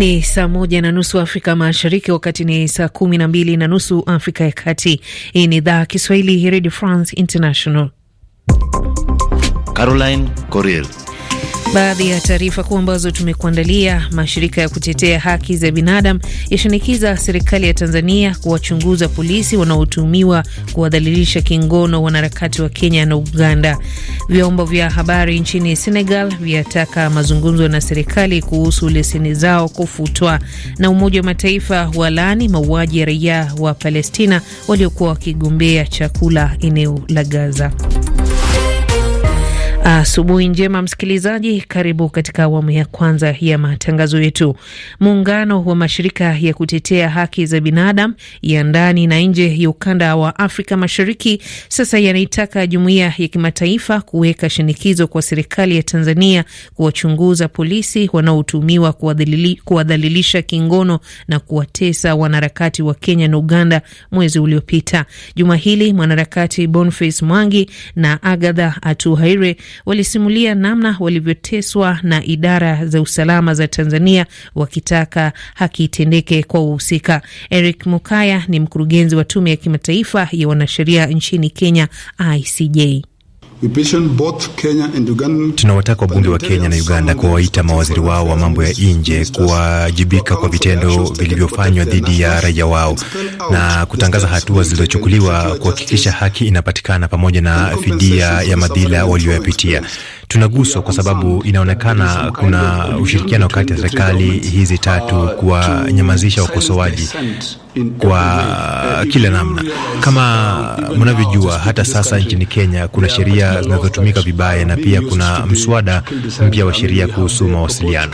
Ni saa moja na nusu Afrika Mashariki, wakati ni saa kumi na mbili na nusu Afrika ya Kati. Hii ni idhaa Kiswahili ya Redio France International. Caroline Coril Baadhi ya taarifa kuu ambazo tumekuandalia: mashirika ya kutetea haki za binadamu yashinikiza serikali ya Tanzania kuwachunguza polisi wanaotumiwa kuwadhalilisha kingono wanaharakati wa Kenya na Uganda. Vyombo vya habari nchini Senegal vyataka mazungumzo na serikali kuhusu leseni zao kufutwa. Na Umoja wa Mataifa walaani mauaji ya raia wa Palestina waliokuwa wakigombea chakula eneo la Gaza. Asubuhi njema msikilizaji, karibu katika awamu ya kwanza ya matangazo yetu. Muungano wa mashirika ya kutetea haki za binadamu ya ndani na nje ya ukanda wa Afrika Mashariki sasa yanaitaka jumuiya ya kimataifa kuweka shinikizo kwa serikali ya Tanzania kuwachunguza polisi wanaotumiwa kuwadhalilisha kingono na kuwatesa wanaharakati wa Kenya na Uganda mwezi uliopita. Juma hili mwanaharakati Boniface Mwangi na Agatha Atuhaire walisimulia namna walivyoteswa na idara za usalama za Tanzania wakitaka haki itendeke kwa wahusika. Eric Mukaya ni mkurugenzi wa tume ya kimataifa ya wanasheria nchini Kenya, ICJ. Tunawataka wabunge wa Kenya na Uganda kuwaita mawaziri wao wa mambo ya nje kuwajibika kwa vitendo vilivyofanywa dhidi ya raia wao na kutangaza hatua zilizochukuliwa kuhakikisha haki inapatikana pamoja na fidia ya madhila walioyapitia tunaguswa kwa sababu inaonekana kuna ushirikiano kati ya serikali hizi tatu kuwanyamazisha wakosoaji kwa kila namna. Kama mnavyojua, hata sasa nchini Kenya kuna sheria zinazotumika vibaya na pia kuna mswada mpya wa sheria kuhusu mawasiliano.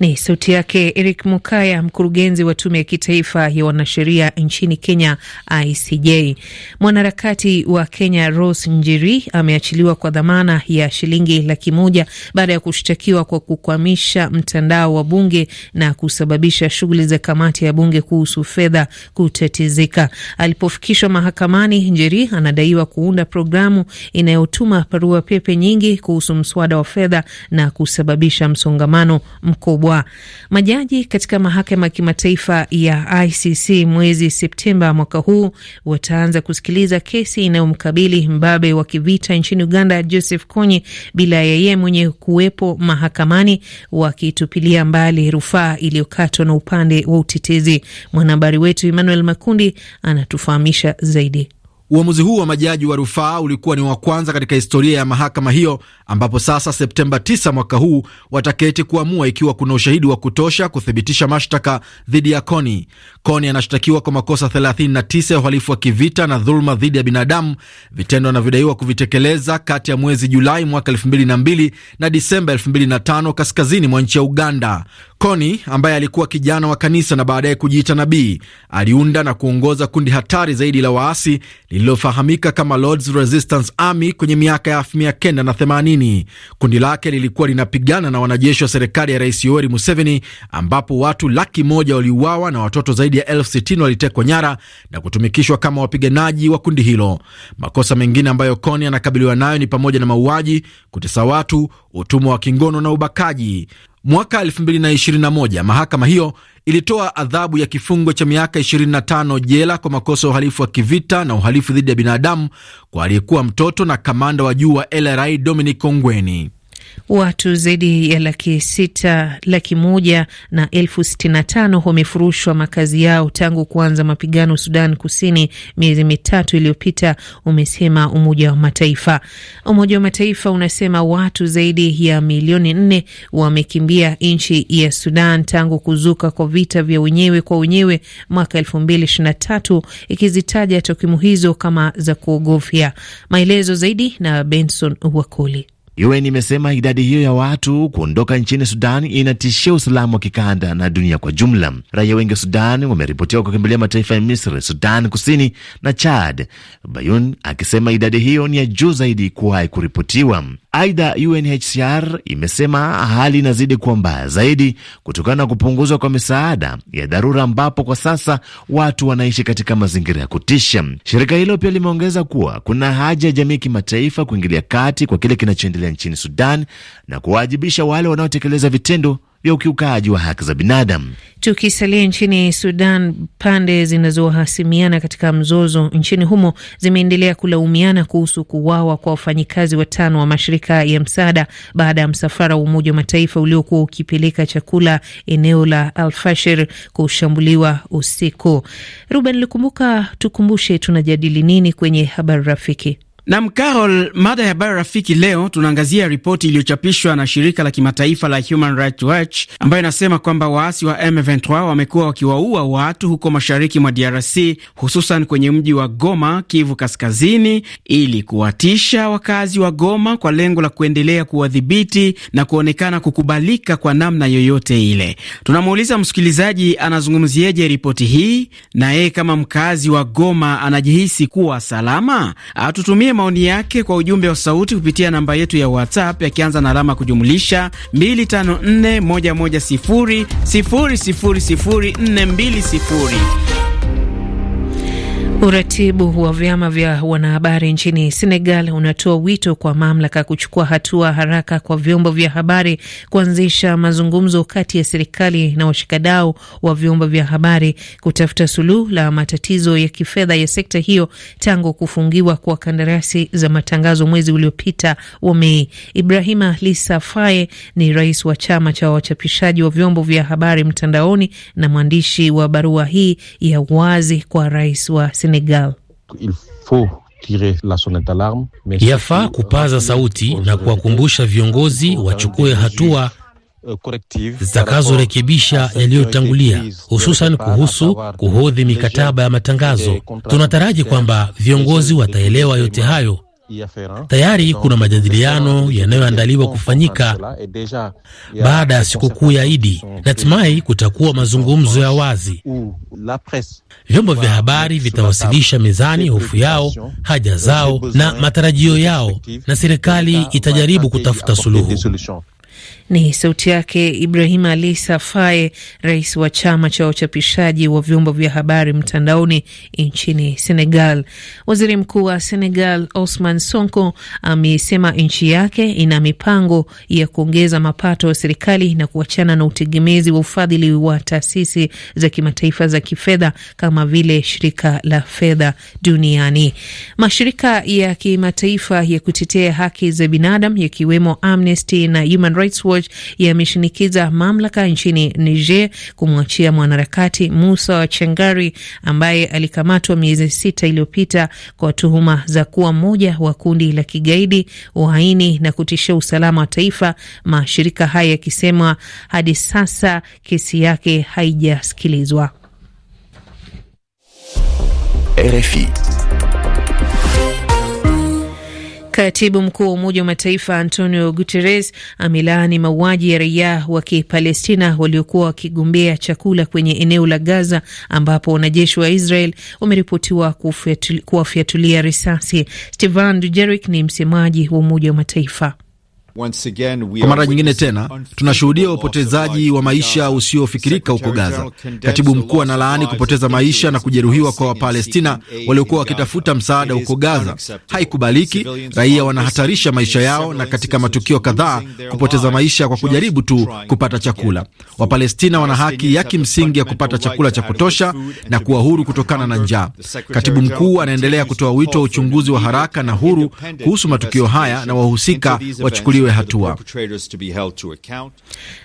Ni sauti yake Eric Mukaya, mkurugenzi wa tume ya kitaifa ya wanasheria nchini Kenya, ICJ. Mwanaharakati wa Kenya Rose Njiri ameachiliwa kwa dhamana ya shilingi laki moja baada ya kushtakiwa kwa kukwamisha mtandao wa bunge na kusababisha shughuli za kamati ya bunge kuhusu fedha kutatizika. Alipofikishwa mahakamani, Njeri anadaiwa kuunda programu inayotuma barua pepe nyingi kuhusu mswada wa fedha na kusababisha msongamano mkubwa mkubwa. Majaji katika mahakama ya kimataifa ya ICC mwezi Septemba mwaka huu wataanza kusikiliza kesi inayomkabili mbabe wa kivita nchini Uganda Joseph Kony bila yeye mwenye kuwepo mahakamani, wakitupilia mbali rufaa iliyokatwa na upande wa utetezi. Mwanahabari wetu Emmanuel Makundi anatufahamisha zaidi. Uamuzi huu wa majaji wa rufaa ulikuwa ni wa kwanza katika historia ya mahakama hiyo, ambapo sasa Septemba 9 mwaka huu wataketi kuamua ikiwa kuna ushahidi wa kutosha kuthibitisha mashtaka dhidi ya coni Kony anashtakiwa kwa makosa 39 ya uhalifu wa kivita na dhuluma dhidi ya binadamu, vitendo anavyodaiwa kuvitekeleza kati ya mwezi Julai mwaka 2002 na Disemba 2005 kaskazini mwa nchi ya Uganda. Kony ambaye alikuwa kijana wa kanisa na baadaye kujiita nabii, aliunda na kuongoza kundi hatari zaidi la waasi lililofahamika kama Lord's Resistance Army kwenye miaka ya 1980. Kundi lake lilikuwa linapigana na wanajeshi wa serikali ya Rais Yoweri Museveni, ambapo watu laki moja waliuawa na watoto zaidi zaidi ya elfu sitini walitekwa nyara na kutumikishwa kama wapiganaji wa kundi hilo. Makosa mengine ambayo Kony anakabiliwa nayo ni pamoja na mauaji, kutesa watu, utumwa wa kingono na ubakaji. Mwaka 2021 mahakama hiyo ilitoa adhabu ya kifungo cha miaka 25 jela kwa makosa ya uhalifu wa kivita na uhalifu dhidi ya binadamu kwa aliyekuwa mtoto na kamanda wa juu wa LRA Dominic Ongweni. Watu zaidi ya laki sita laki moja na elfu sitini na tano wamefurushwa makazi yao tangu kuanza mapigano Sudan Kusini miezi mitatu iliyopita, umesema Umoja wa Mataifa. Umoja wa Mataifa unasema watu zaidi ya milioni nne wamekimbia nchi ya Sudan tangu kuzuka kwa vita vya wenyewe kwa wenyewe mwaka elfu mbili ishirini na tatu, ikizitaja takwimu hizo kama za kuogofya. Maelezo zaidi na Benson Wakoli. UN imesema idadi hiyo ya watu kuondoka nchini Sudan inatishia usalama wa kikanda na dunia kwa jumla. Raia wengi wa Sudan wameripotiwa kukimbilia mataifa ya Misri, Sudan Kusini na Chad, Bayun akisema idadi hiyo ni ya juu zaidi kuwahi kuripotiwa. Aidha, UNHCR imesema hali inazidi kuwa mbaya zaidi kutokana na kupunguzwa kwa misaada ya dharura, ambapo kwa sasa watu wanaishi katika mazingira ya kutisha. Shirika hilo pia limeongeza kuwa kuna haja ya jamii kimataifa kuingilia kati kwa kile kinachoendelea kuendelea nchini Sudan na kuwaajibisha wale wanaotekeleza vitendo vya ukiukaji wa haki za binadamu. Tukisalia nchini Sudan, pande zinazohasimiana katika mzozo nchini humo zimeendelea kulaumiana kuhusu kuuawa kwa wafanyikazi watano wa mashirika ya msaada baada ya msafara wa Umoja wa Mataifa uliokuwa ukipeleka chakula eneo la Alfashir kushambuliwa usiku. Ruben Likumbuka, tukumbushe tunajadili nini kwenye habari rafiki? Nam Carol, mada ya habari rafiki leo tunaangazia ripoti iliyochapishwa na shirika la kimataifa la Human Rights Watch ambayo inasema kwamba waasi wa M23 wamekuwa wakiwaua watu huko mashariki mwa DRC hususan kwenye mji wa Goma, Kivu Kaskazini, ili kuwatisha wakazi wa Goma kwa lengo la kuendelea kuwadhibiti na kuonekana kukubalika kwa namna yoyote ile. Tunamuuliza msikilizaji anazungumzieje ripoti hii na yeye kama mkazi wa Goma anajihisi kuwa salama? Atutumie maoni yake kwa ujumbe wa sauti kupitia namba yetu ya WhatsApp yakianza na alama kujumlisha 2541100000420. Uratibu wa vyama vya wanahabari nchini Senegal unatoa wito kwa mamlaka kuchukua hatua haraka kwa vyombo vya habari kuanzisha mazungumzo kati ya serikali na washikadau wa vyombo vya habari kutafuta suluhu la matatizo ya kifedha ya sekta hiyo tangu kufungiwa kwa kandarasi za matangazo mwezi uliopita wa Mei. Ibrahima lisa Faye ni rais wa chama cha wachapishaji wa vyombo vya habari mtandaoni na mwandishi wa barua hii ya wazi kwa rais wa Senegal. Senegal. Il faut yafaa euh, kupaza sauti na kuwakumbusha euh, viongozi euh, wachukue hatua zitakazorekebisha yaliyotangulia, hususan kuhusu kuhodhi mikataba ya matangazo. Tunataraji kwamba viongozi wataelewa yote hayo Tayari kuna majadiliano yanayoandaliwa kufanyika baada ya sikukuu ya Idi. Natumai kutakuwa mazungumzo ya wazi. Vyombo vya habari vitawasilisha mezani hofu yao, haja zao na matarajio yao, na serikali itajaribu kutafuta suluhu. Ni sauti yake Ibrahim Ali Safae, rais wa chama cha wachapishaji wa vyombo vya habari mtandaoni nchini Senegal. Waziri mkuu wa Senegal Osman Sonko amesema nchi yake ina mipango ya kuongeza mapato ya serikali na kuachana na utegemezi wa ufadhili wa taasisi za kimataifa za kifedha kama vile shirika la fedha duniani. Mashirika ya kimataifa ya kutetea haki za binadamu yakiwemo Amnesty na Human Rights Watch Watch yameshinikiza mamlaka nchini Niger kumwachia mwanaharakati Musa wa Chengari ambaye alikamatwa miezi sita iliyopita kwa tuhuma za kuwa mmoja wa kundi la kigaidi, uhaini na kutishia usalama wa taifa, mashirika haya yakisema hadi sasa kesi yake haijasikilizwa. RFI Katibu mkuu wa Umoja wa Mataifa Antonio Guterres amelaani mauaji ya raia wa Kipalestina waliokuwa wakigombea chakula kwenye eneo la Gaza, ambapo wanajeshi wa Israel wameripotiwa kuwafyatulia risasi. stehan Dujarric ni msemaji wa Umoja wa Mataifa. Kwa mara nyingine tena tunashuhudia upotezaji wa maisha usiofikirika huko Gaza. Katibu mkuu analaani kupoteza maisha na kujeruhiwa kwa Wapalestina waliokuwa wakitafuta msaada huko Gaza. Haikubaliki, raia wanahatarisha maisha yao, na katika matukio kadhaa kupoteza maisha kwa kujaribu tu kupata chakula. Wapalestina wana haki ya kimsingi ya kupata chakula cha kutosha na kuwa huru kutokana na njaa. Katibu mkuu anaendelea kutoa wito wa uchunguzi wa haraka na huru kuhusu matukio haya na wahusika wachukuliwe wachukuliwe hatua.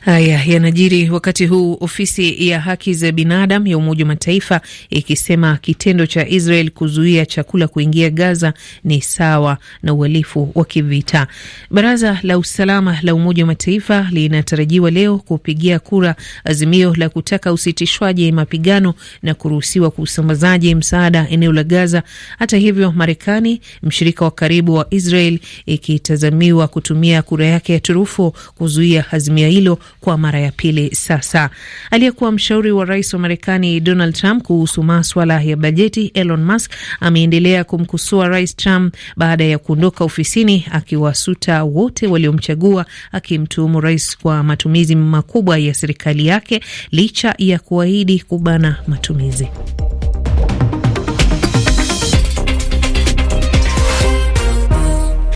Haya yanajiri wakati huu ofisi ya haki za binadamu ya Umoja wa Mataifa ikisema kitendo cha Israel kuzuia chakula kuingia Gaza ni sawa na uhalifu wa kivita. Baraza la Usalama la Umoja wa Mataifa linatarajiwa leo kupigia kura azimio la kutaka usitishwaji mapigano na kuruhusiwa kwa usambazaji msaada eneo la Gaza. Hata hivyo, Marekani, mshirika wa karibu wa Israel, ikitazamiwa kutumia kura yake ya turufu kuzuia azimia hilo kwa mara ya pili sasa. Aliyekuwa mshauri wa rais wa Marekani Donald Trump kuhusu maswala ya bajeti Elon Musk ameendelea kumkosoa rais Trump baada ya kuondoka ofisini, akiwasuta wote waliomchagua, akimtuhumu rais kwa matumizi makubwa ya serikali yake licha ya kuahidi kubana matumizi.